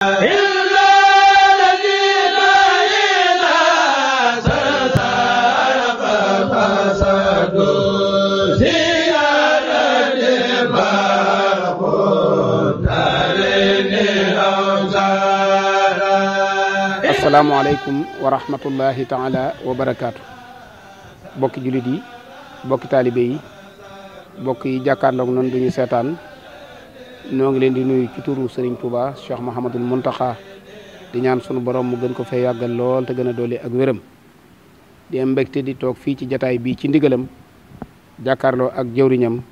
asalaamaaleykum wa rahmatullahi taala wa barakaatu bokki jullit yi bokki taalibe yi bokk yi jàkkaarloog duñu seetaan ñoo ngi leen di nuyu ci turu Serigne Touba Cheikh Mouhamadul Mountakha di ñaan sunu borom mu gën ko fee yàggal lool te gën a doole ak wéram di am mbégte di toog fii ci jataay bii ci ndigalam jàkkaarloo ak jëwriñam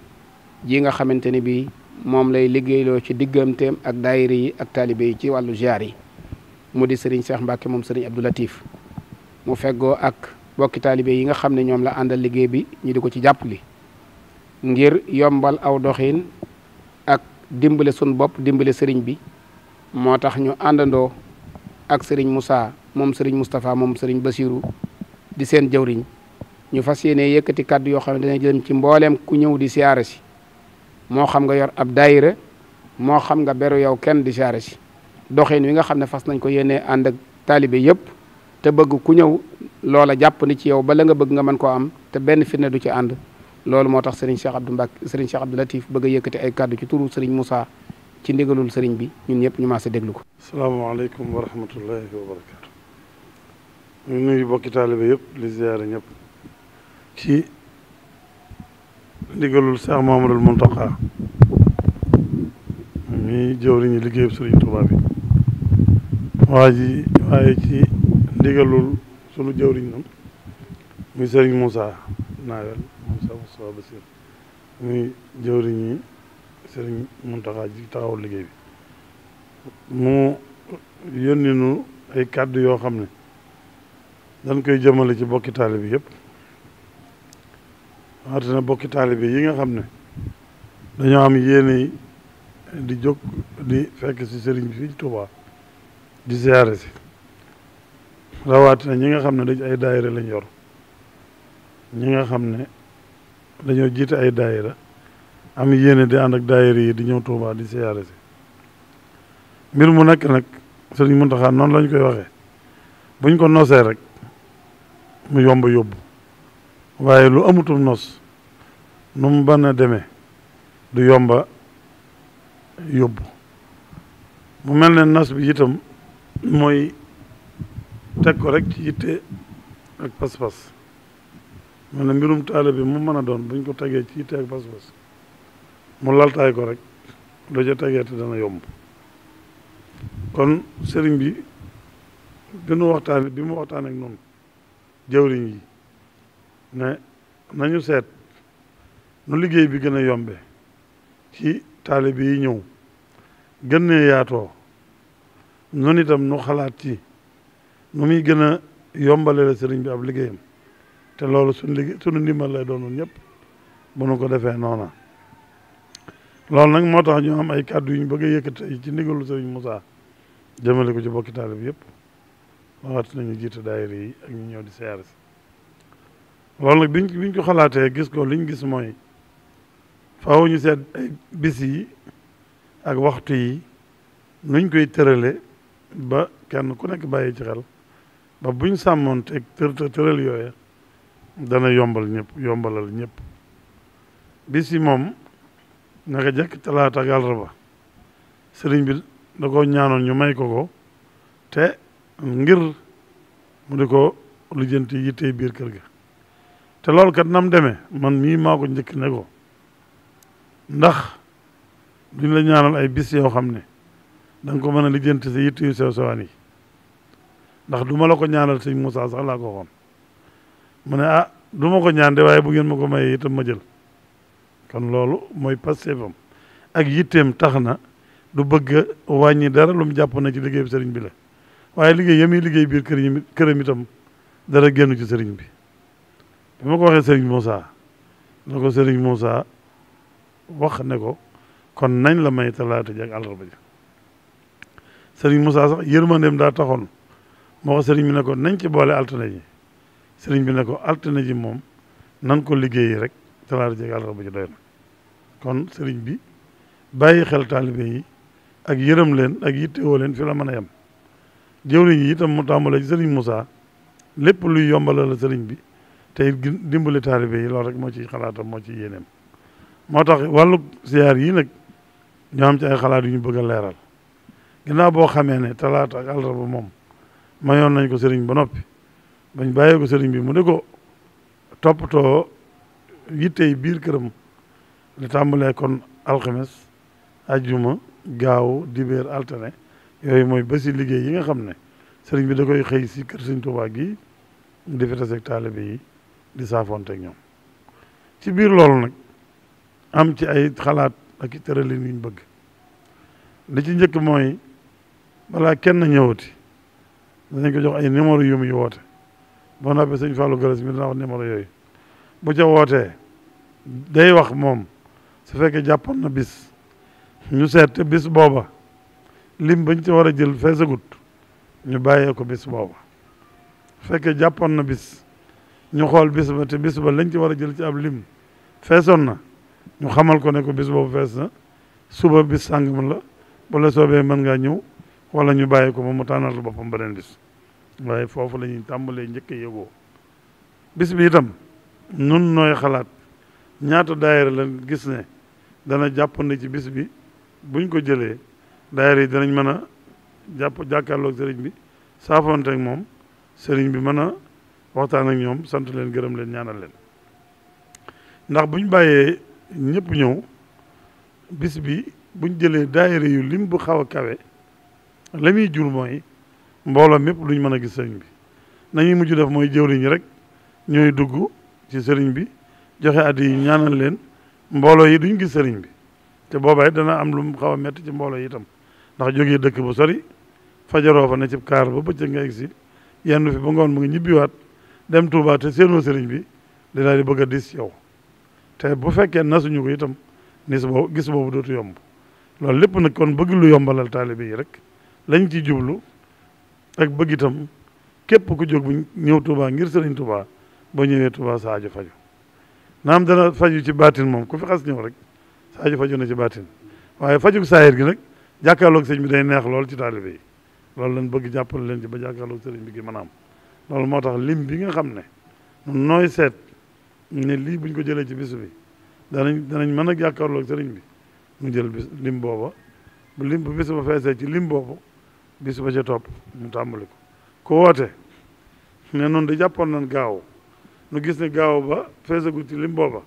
ji nga xamante ne bii moom lay liggéeyloo ci digganteem ak daayira yi ak taalibe yi ci wàllu ziar yi mu di sëriñ Cheikh Mbacke moom sëriñ Abdou Latif mu feggoo ak bokki taalibe yi nga xam ne ñoom la àndal liggéey bi ñu di ko ci jàpp li ngir yombal aw doxin dimbale sun bopp dimbale sëriñ bi moo tax ñu àndandoo ak sëriñ Moussa moom sëriñ Moustapha moom sëriñ Bassirou di seen jëwriñ ñu fas yéene yëkkati kàddu yoo xam ne dana jëm ci mbooleem ku ñëw di siyaare si moo xam nga yor ab daayira moo xam nga beru yow kenn di siyaare si doxin wi nga xam ne fas nañ ko yéene ànd ak taalibe yëpp te bëgg ku ñëw loola jàpp ni ci yow bala nga bëgg nga mën koo am te benn fitna du ci ànd loolu moo tax Serigne Cheikh Abdou Mbacké Serigne Cheikh Abdou Latif bëgg a yëkkati ay kàddu ci turu Serigne Moussa ci ndigalul sëriñ bi ñun ñëpp ñu maase déglu ko. salaamaaleykum wa rahmatullahi wa barakaatu. ñu nuyu bokki taalibe yëpp li ziyaare ñëpp. ci ndigalul Cheikh Mamadou Mountakha mi jëwriñu liggéeyub Serigne Touba bi. waa ji waaye ci ndigalul sunu jëwriñ nam muy Serigne Moussa Nawel. Moustapha Bassir muy jëwriñ yi sëriñ Muntaxa ji taxawul liggéey bi mu yónni nu ay kàddu yoo xam ne dañ koy jëmale ci bokki taalibe yëpp waatina bokki taalibe yi nga xam ne dañoo am yéene di jóg di fekk si sëriñ bi fii Tuubaa di ziyaare si rawatina ñi nga xam ne dañ ay daayira lañ yor ñi nga xam ne dañoo jiite ay daayira am yéene di ànd ak daayira yi di ñëw Touba di siyaare si mbir mu nekk nag Sëriñ Muntaxa noonu lañ koy waxee buñ ko nosee rek mu yomb yóbbu waaye lu amutum nos nu mu ban a demee du yomba yóbbu mu mel ne nas bi itam mooy teg ko rek ci yitte ak pas-pas mu na mbirum taale bi mu mën a doon buñ ko tegee ci teeg pas mu laltaay ko rek lu ca tegee te dana yomb kon sëriñ bi bi nu waxtaane bi mu waxtaan ak noonu jëwriñ yi ne nañu seet nu liggéey bi gën a yombe ci taalibe yi ñëw gën nee yaatoo noonu itam nu xalaat ci nu muy gën a yombale la sëriñ bi ab liggéeyam te loolu suñu liggéey suñu ndimbal lay doonoon ñëpp nu ko defee noona loolu nag moo tax ñu am ay kàddu yu ñu bëgg a yëkkati ci ndigalu sëriñ Moussa jëmale ko ci bokki taalib yépp waxaat nañu jiite daayira yi ak ñu di siyaare si loolu biñ ko xalaatee gis ko liñ gis mooy faaw ñu seet ay bis yi ak waxtu yi luñ koy tërale ba kenn ku nekk bàyyi ci xel ba buñ sàmmoon teg tër tëral yooya dana yombal ñëpp yombalal ñëpp bis yi moom naka jëkk talaata ak àllarba sëriñ bi da ko ñaanoon ñu may ko ko te ngir mu di ko lijjanti yittey biir kër ga te loolu kat nam demee man mii maa ko njëkk ne ko ndax duñ la ñaanal ay bis yoo xam ne da ko mën a lijjanti sa yitt yu sew sewaan yi ndax duma la ko ñaanal sëñ Moussa sax laa ko waxoon mu ne ah du ma ko ñaan waaye bu ngeen ma ko mayee itam ma jël kon loolu mooy pastéefam ak yitteem tax na du bëgg wàññi dara lu mu jàpp na ci liggéey bi sëriñ bi la waaye liggéey yami liggéey biir kër yi këram itam dara génn ci sëriñ bi bi ko waxee sëriñ Moussa la ko sëriñ Moussa wax ne ko kon nañ la may talaata ji ak àllarba ji sëriñ Moussa sax yërmandeem daa taxoon moo ko sëriñ bi ne ko nañ ci boole altine yi sëriñ bi ne ko altine ji moom nan ko liggéeyi rek talaata jeeg àllarba ji doy na kon sëriñ bi bàyyi xel taalibe yi ak yërëm leen ak yittewoo leen fi la mën a yem jëwriñ yi itam mu tàmbalee ci sëriñ Moussa lépp luy yombala sëriñ bi te it dimbali taalibe yi loolu rek moo ci xalaatam moo ci yéeneem moo tax wàllu siyaar yi nag ñoo am ci ay xalaat yu ñu bëgg a leeral ginnaaw boo xamee ne talaata ak moom mayoon nañ ko sëriñ ba noppi bañ bàyyee ko sëriñ bi mu ne ko toppatoo yittey biir këram li tàmbalee kon alxames ajjuma gaaw dibéer altine yooyu mooy ba bési liggéey yi nga xam ne sëriñ bi da koy xëy si kër sëriñ Tuubaa gi di fi taseeg taalibe yi di saafoonteeg ñoom ci biir loolu nag am ci ay xalaat ak i tëralin yuñ bëgg di ci njëkk mooy balaa kenn ñëwati danañ ko jox ay numéro yu muy woote boo noppee sëñ Fallou Galass mi na wax numéro yooyu bu ca wootee day wax moom su fekkee jàppoon na bis ñu seet te bis booba lim bañ ci war a jël feesagut ñu bàyyee ko bis booba su fekkee jàppoon na bis ñu xool bis ba te bis ba lañ ci war a jël ci ab lim feesoon na ñu xamal ko ne ko bis boobu fees na suba bis sàngam la bu la soobee mën ngaa ñëw wala ñu bàyyi ko ba mu tànnal boppam ba beneen bis waaye foofu lañuy tàmbalee njëkk yóbboo bis bi itam nun nooy xalaat ñaata daayira la gis ne dana na ci bis bi buñ ko jëlee daayira yi danañ mën a jàpp jàkkaarloog sëriñ bi saafonte moom sëriñ bi mën a waxtaan ak ñoom sant leen gërëm leen ñaanal leen ndax buñ bàyyee ñëpp ñëw bis bi buñ jëlee daayira yu lim bu xaw a kawe la muy jur mooy mbooloo mépp duñ mën a gis sëriñ bi nañuy mujj def mooy jëwriñ yi rek ñooy dugg ci sëriñ bi joxe addi yi ñaanal leen mbooloo yi duñ gis sëriñ bi te boobaay dana am lu mu xaw a metti ci mbooloo yi itam ndax jógee dëkk bu sori fajaroo fa ne ci kaar ba bëccëg nga egsi yendu fi ba ngoon mu ngi ñibbiwaat dem Touba te seenoo sëriñ bi di daal di bëgg a dis yow te bu fekkee nasuñu ko itam nis boobu gis boobu dootu yomb loolu lépp nag kon bëgg lu yombalal taalibe yi rek lañ ci jublu ak bëgg itam képp ku jóg bu ñëw Touba ngir sëriñ Touba boo ñëwee Touba sa aajo faju naam dana faju ci baatin moom ku fi xas ñëw rek sa aajo faju na ci baatin waaye fajug saayir gi nag jàkkaarloog sëñ bi day neex lool ci taalibe yi loolu lañ bëgg jàppale leen ci ba jàkkaarloog sëriñ bi gi maanaam loolu moo tax lim bi nga xam ne nooy seet ne lii buñ ko jëlee ci bis bi danañ danañ mën a jàkkaarloog sëriñ bi mu jël bis lim boobo bu lim bu bis ba feesee ci lim boobu bis ba ca topp ñu tàmbali ko ku woote ne noonu di jàppoon nan gaaw nu gis ne gaaw ba feesagul ci lim booba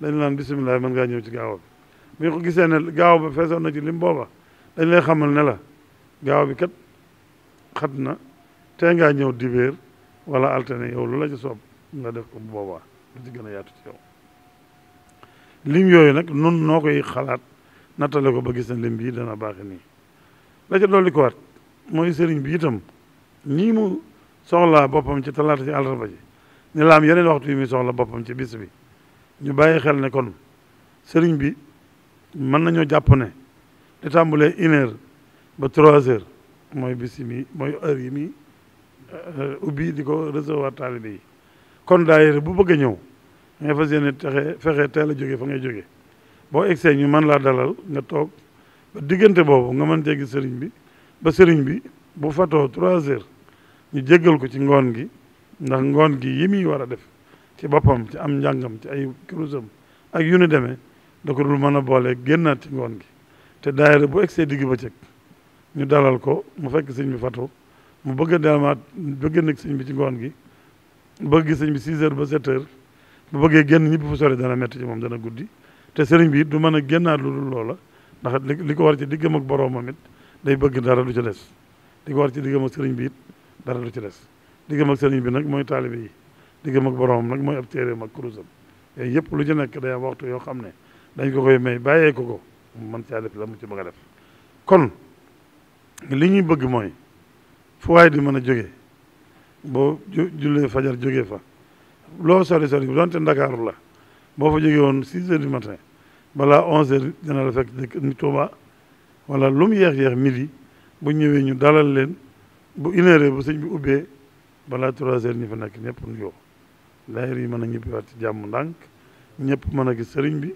dañ naan bisimilah mën ngaa ñëw ci gaaw bi gisee ne gaaw ba feesoon na ci lim booba dañ ne la gaaw bi kat xat na tey ngaa ñëw dibéer walla alterné yow lu la ci soob nga def ko booba boobaa lu ci gën yaatu ci yow lim yooyu nag nun noo koy xalaat nattale ko ba gis na lim bii dana baaxe nii la ca dolli ko mooy sëriñ bi itam nii mu soxla boppam ci talaata ci àllarba ji ni laam yeneen waxtu yi muy soxla boppam ci bis bi ñu bàyyi xel ne kon sëriñ bi mën nañoo jàpp ne di tàmbulee une ba trois mooy bis yi mooy heure yi mi euh, ubbi di ko recevoir taalibe yi kon daayira bu bëgg a ñëw nga fas yéene texe fexe teel a jóge fa ngay jóge boo egsee ñu man laa dalal nga toog ba diggante boobu nga mën cee sëriñ bi ba sëriñ bi bu fatoo trois heures ñu jéggal ko ci ngoon gi ndax ngoon gi yi muy war a def ci boppam ci am njàngam ci ay kurusam ak yu nu demee da ko dul mën a boole génnaat ci ngoon gi te daayira bu egsee digg bëccëg ñu dalal ko mu fekk sëñ bi fatu mu bëgg a delmaat bëgg a nekk sëñ bi ci ngoon gi bëgg sëñ bi six heures ba sept heures bëggee génn ñibbi fu sori dana metti ci moom dana guddi te sëriñ bi du mën a génnaat lu dul loola ndax li ko war ci diggam ak boroomam day bëgg dara du ci des di ko war ci diggam ak sëriñ bi dara du ci des diggam ak sëriñ bi nag mooy taalibe yi diggam ak boroomam nag mooy ab téeréem ak kurusam yooyu yëpp lu ci nekk day am waxtu yoo xam ne dañ ko koy may bàyyee ko ko mu mën caa def la mu ci bëgg a def kon li ñuy bëgg mooy fu waay di mën a jóge boo jullee fajar jógee fa loo sori sori donte ndakaaru la boo fa jógee woon six heures du matin balaa onze heures dina fekk dëkk Tuuba wala lu mu yeex-yeex midi bu ñëwee ñu dalal leen bu une heure bu sëñ bi ubbee balaa trois heures ñi nekk ñëpp nuyoo daayira yi mën a ñibbiwaat ci jàmm ndànk ñëpp mën a gis sëriñ bi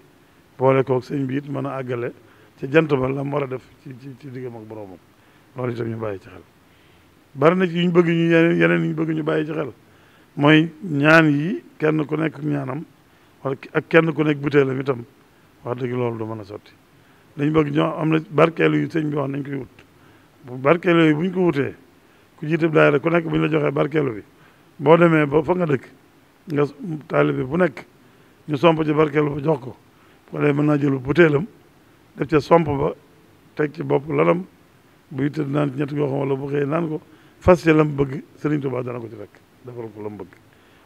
boole kook sëñ bi it mën a àggale ci jant ba la war a def ci ci ci diggam ak boroomam loolu itam ñu bàyyi ci xel bari na ci ñu bëgg ñu yeneen yeneen yu ñu bëgg ñu bàyyi ci xel mooy ñaan yi kenn ku nekk ñaanam wala ak kenn ku nekk butéelam itam wax dëgg loolu du mën a sotti dañ bëgg ñoo am na barkeelu yu sëñ bi wax nañ koy wut bu barkeelu yi buñ ko wutee ku jiite daayira ku nekk bu la joxee barkeelu bi boo demee ba fa nga dëkk nga bu nekk ñu somp ci barkeelu ba jox ko dee mën naa jël butéelam def ca somp ba teg ci bopp lalam bu itteel naan ci ñetti yoo xam wala bu naan ko fas ci lam bëgg sëriñ Tuubaa dana ko ci rek defal ko lam bëgg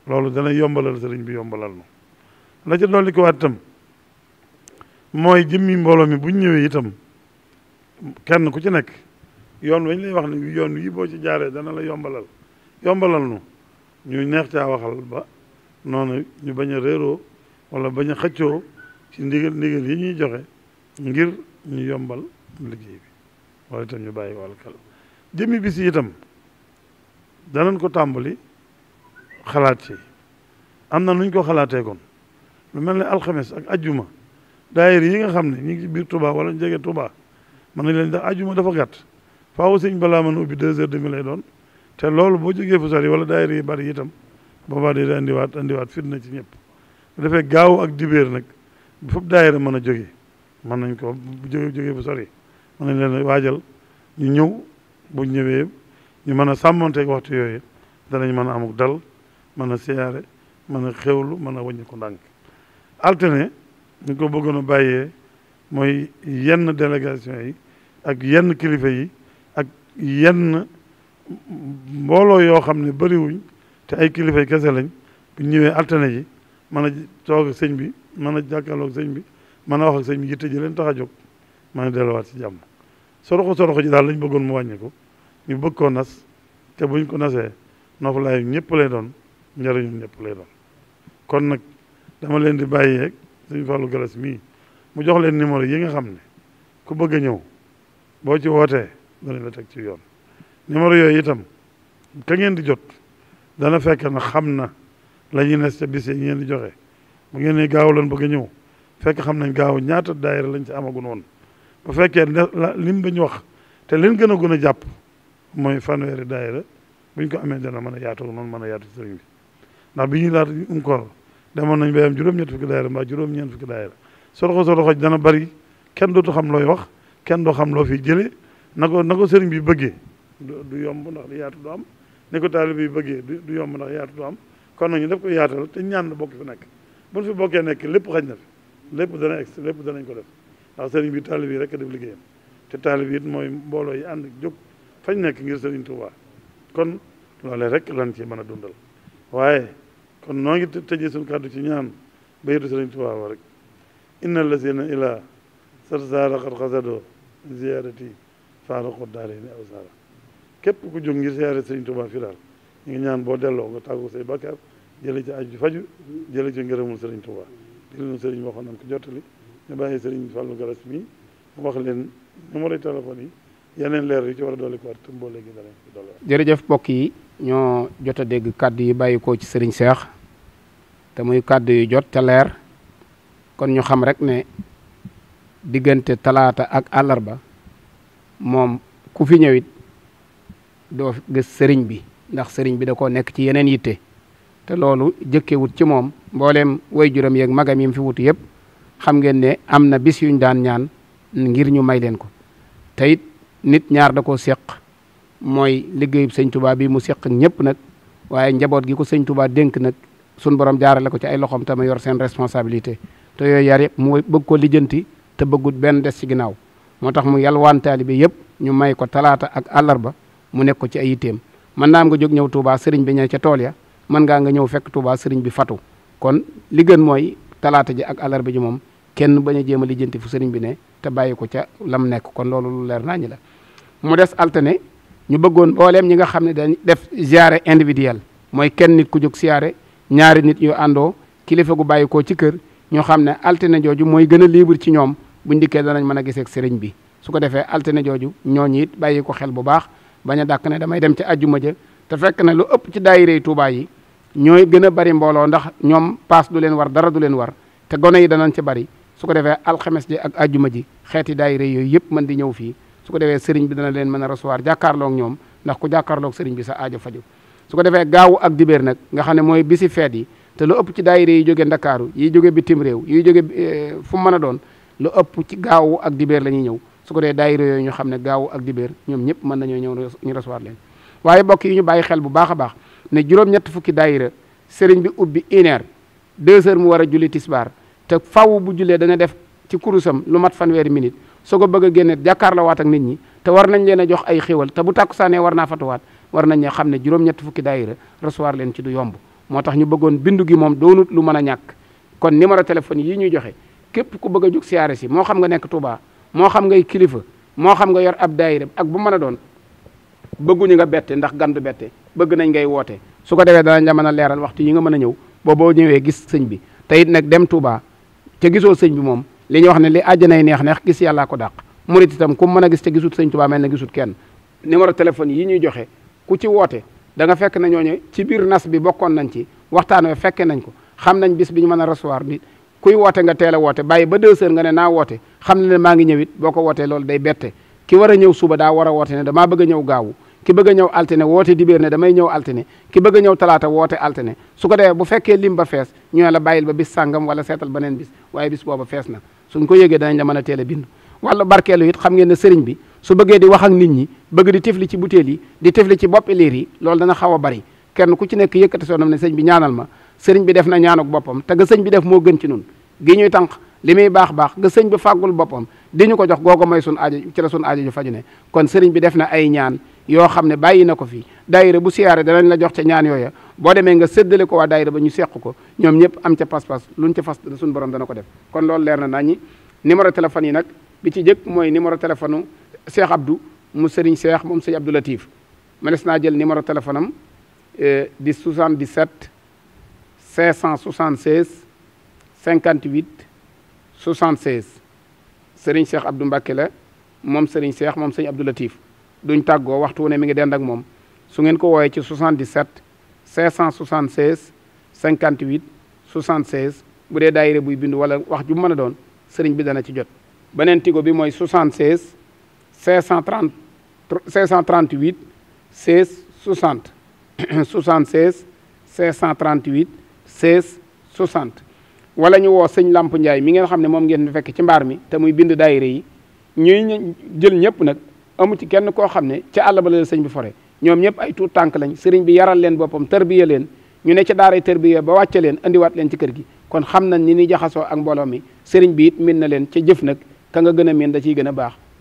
loolu dana yombalal sëriñ bi yombalal no la ca dolli ko waat tam mooy jëmmi mbooloo mi bu ñu ñëwee itam kenn ku ci nekk yoon wañ lay wax ne yoon yi boo ci jaaree dana la yombalal yombalal nu ñu neex caa waxal ba noonu ñu bañ a réeroo wala bañ a xëccoo ci ndigal ndigal yi ñuy joxe ngir ñu yombal liggéey bi wala itam ñu bàyyi wàll kal jëmmi bis yi itam danañ ko tàmbali xalaat ci am na nuñ ko xalaatee kon lu mel ni alxames ak ajjuma daayira yi nga xam ne ñu ngi ci biir Touba wala ñu jege Touba mën nañ leen di ajuma dafa gàtt faaw sëñ balaa mën a ubbi deux heures demi doon te loolu boo jógee fu sori wala daayira yi bari itam boobaa day andiwaat andiwaat fitna ci ñëpp bu gaaw ak dibéer nag foofu daayira mën a jógee mën nañ ko jóge jógee fu sori mën nañ leen waajal ñu ñëw bu ñëwee ñu mën a sàmmonteeg waxtu yooyu danañ mën a amuk dal mën a siyaare mën a xewlu mën a wàññi ko ndànk alterné ñu ko bëggoon a bàyyee mooy yenn délégation yi ak yenn kilifa yi ak yenn mbooloo yoo xam ne bëriwuñ te ay kilifa yi kese lañ bu ñëwee altane yi mën a toog ak sëñ bi mën a jàkkaarloog sëñ bi mën a wax ak sëñ bi yitte ji leen tax a jóg mën a delluwaat si jàmm soroxo soroxo ji daal lañ bëggoon mu wàññi ñu bëgg koo nas te buñ ko nasee noflaay ñëpp lay doon njëriñu ñépp lay doon kon nag dama leen di bàyyeeg suñu Fallou Galas mii mu jox leen numéro yi nga xam ne ku bëgg a ñëw boo ci wootee danañ la teg ci yoon numéro yooyu itam ka ngeen di jot dana fekk na xam na la ñuy nes ca bis yi ngeen di joxe bu ngeen ne gaaw loon bëgg a ñëw fekk xam nañ gaaw ñaata daayira lañ ci amagun woon bu fekkee lim bañ wax te leen gën a gun a jàpp mooy fanweeri daayira buñ ko amee dana mën a yaatu noonu mën a yaatu sëriñ bi ndax bi ñuy laata ñu um demoon nañ ba am juróom-ñett fukki daayira mbaa juróom-ñeent fukki daayira soroxo soroxoj dana bari kenn dootu xam looy wax kenn doo xam loo fi jëlee na ko na ko sëriñ bi bëggee du yomb ndax yaatu du am ko taalibe bi bëggee du yomb ndax yaatu du am kon nañu def ko yaatal te ñaan la bokk fi nekk buñ fi bokkee nekk lépp xaj na fi lépp dana ex lépp danañ ko def ndax sëriñ bi taalibe yi rek def liggéeyam te taalibe yi it mooy mbooloo yi ànd jóg fañ nekk ngir sëriñ Tuubaa kon loolee rek lan ci mën a dundal waaye kon noo ngi tëjee suñu kàddu ci ñaan baytu Sëriñ Tuubaa wa rek inna lazina ila sarsaara xat xasado ziyaarati faara xoddaare ni aw saara képp ku jóg ngir ziyaare Sëriñ Tuubaa fi daal ñu ngi ñaan boo delloo nga tàggu say bakkaar jële ci aju faju jële ci ngërëmul Sëriñ Tuubaa di leen sëriñ waxoon nañ ko jottali ñu bàyyi Sëriñ Fàllu Galas mi wax leen numéro téléphone yi yeneen leer yu ci war a dolli ko war tëmboole gi dara jërëjëf yi ñoo jot a dégg kàddu yi bàyyi ko ci Sëriñ Seex te muy kàddu yu jot te leer kon ñu xam rek ne diggante talaata ak àllarba moom ku fi ñëwit doo gis sëriñ bi ndax sëriñ bi da koo nekk ci yeneen yitte te loolu jëkkewut ci moom mboolem way juram yeeg magam yim fi wut yëpp xam ngeen ne am na bis yuñ daan ñaan ngir ñu may leen ko te it nit ñaar da koo seq mooy liggéeyub sëñ tubaa bi mu seq ñëpp nag waaye njaboot gi ko sëñ tubaa dénk nag sun borom jaarale ko ci ay loxoom tama yor seen responsabilité te yooyu yar yëpp mu bëgg ko lijjanti te bëggut benn des ci ginnaaw moo tax mu yalwaan taalibe yëpp ñu may ko talaata ak àllarba mu nekk ko ci ay yitteem mën naa am nga jóg ñëw Touba sëriñ bi ña ca tool ya mën ngaa nga ñëw fekk Touba sëriñ bi fatu kon li gën mooy talaata ji ak àllarba ji moom kenn bañ a jéem a lijjanti fu sëriñ bi ne te bàyyi ko ca lam nekk kon loolu lu leer nañu la mu des altine ñu bëggoon mbooleem ñi nga xam ne dañ def ziare individuel mooy kenn ku jóg siyaare ñaari nit yu àndoo kilifa gu bàyyi koo ci kër ñu xam ne altine jooju mooy gën a libre ci ñoom buñ dikkee danañ mën a gisee ak sëriñ bi su ko defee altine jooju ñooñu it bàyyi ko xel bu baax bañ a dàkk ne damay dem ci ajjuma te fekk na lu ëpp ci daayirey Tuubaa yi ñooy gën a bari mbooloo ndax ñoom paas du leen war dara du leen war te gone yi danañ ci bari su ko defee alxames ji ak ajjuma ji xeeti daayirey yooyu yëpp mën di ñëw fii su ko defee sëriñ bi dana leen mën a recevoir jàkkaarloog ñoom ndax ku jàkkaarloog sëriñ bi sa aajo faju su ko defee gaaw ak dibéer nag nga xam ne mooy bisi feet yi te lu ëpp ci daayira yi jóge ndakaaru yi jóge bitim réew yi jóge eh, fu mën a doon lu ëpp ci gaawu ak dibéer la ñuy ñëw su ko dee daayira yooyu ñu xam ne gaaw ak dibéer ñoom ñëpp mën nañoo ñëw ñu recevoir leen waaye bokk yi ñu bàyyi xel bu baax a baax ne juróom-ñett fukki daayira sëriñ bi ubbi une heure deux mu war a julli tisbaar te faw bu jullee dana def ci kurusam lu mat fan fanweeri minute soo ko bëgg génne jàkkaarloo ak nit ñi te war nañ leen jox ay xéwal te bu tàkkusaanee war naa fatuwaat war nañ ñoo xam ne juróom-ñett fukki daayira recevoir leen ci du yomb moo tax ñu bëggoon bindu gi moom doonut lu mën a ñàkk kon numéro téléphone yi ñuy joxe képp ku bëgg a jóg siyaare si moo xam nga nekk moo xam ngay kilifa moo xam nga yor ab daayira ak bu mën a doon bëgguñu nga bette ndax gandu bette bëgg nañ ngay woote su ko defee danañ la mën a leeral waxtu yi nga mën a ñëw boo boo ñëwee gis sëñ bi te dem Touba te gisoo sëñ bi moom li ñuy wax ne li àjjanay neex neex gis yàllaa ko dàq murit itam ku mën a gis te gisut sëñ Touba mel na gisut kenn numéro téléphone yi ñuy joxe ku ci woote da fekk na ñooñu ci biir nas bi bokkoon nañ ci waxtaan wi fekke nañ ko xam nañ bis bi ñu mën a recevoir bi kuy woote nga teel woote bàyyi ba deux heures nga ne naa woote xam ne ne maa ngi ñëwit boo ko woote loolu day bette ki war a ñëw suba daa wara a woote ne damaa bëgg a ñëw gaawu ki bëgg a ñëw altine woote dibéer ne damay ñëw altine ki bëgg ñëw talaata woote altine su ko defee bu fekkee lim ba fees ñu ne la bàyyil ba bis sàngam wala seetal beneen bis waaye bis booba fees na suñ ko yëgee danañ mën a teel a bind wala barkeelu it xam ngeen ne sëriñ bi su bëggee di wax ak nit ñi bëgg di tifli ci butéel yi di tifli ci boppi liir yi loolu dana xaw a bari kenn ku ci nekk soo soonam ne sëñ bi ñaanal ma sëriñ bi def na ñaanuk boppam te ga sëñ bi def moo gën ci nun gi ñuy tànq li muy baax baax ga sëñ bi fàggul boppam di ñu ko jox googu mooy sun aajo ci la sun aajo ju faju ne kon sëriñ bi def na ay ñaan yoo xam ne bàyyi na ko fii daayira bu siyaare danañ la jox ca ñaan yooya boo demee nga séddale ko waa daayira ba ñu seq ko ñoom ñëpp am ca pas-pas ca fas suñu borom dana ko def kon loolu leer na nañi numéro téléphone yi nag bi ci jëkk mooy numéro téléphone Cheikh Abdou mu Serigne Cheikh moom Serigne Abdou Latif mënees naa jël numéro téléphone am eh, di 77 576 58 76 Serigne Cheikh Abdou Mbacké la moom Serigne Cheikh moom Serigne Abdou Latif duñ tàggoo waxtu wu ne mi ngi dend ak moom su ngeen ko wooyee ci 77 576 58 76 bu dee daayira buy bindu wala wax ju mën a doon seriñ bi dana ci jot beneen tigo bi mooy 76. 530 538 16 60 76 538 16 60 wala ñu woo sëñ Lamp Ndiaye mi ngeen xam ne moom ngeen fekk ci mbaar mi te muy bind daayira yi ñuy jël ñëpp nag amu ci kenn koo xam ne ca àll ba la sëñ bi fore ñoom ñëpp ay tuut tànk lañ sëriñ bi yaral leen boppam tërbiya leen ñu ne ca daaray tërbiya ba wàcce leen andiwaat leen ci kër gi kon xam nañ ni ni jaxasoo ak mbooloo mi sëriñ bi it min na leen ca jëf nag ka nga gën a min da ciy gën a baax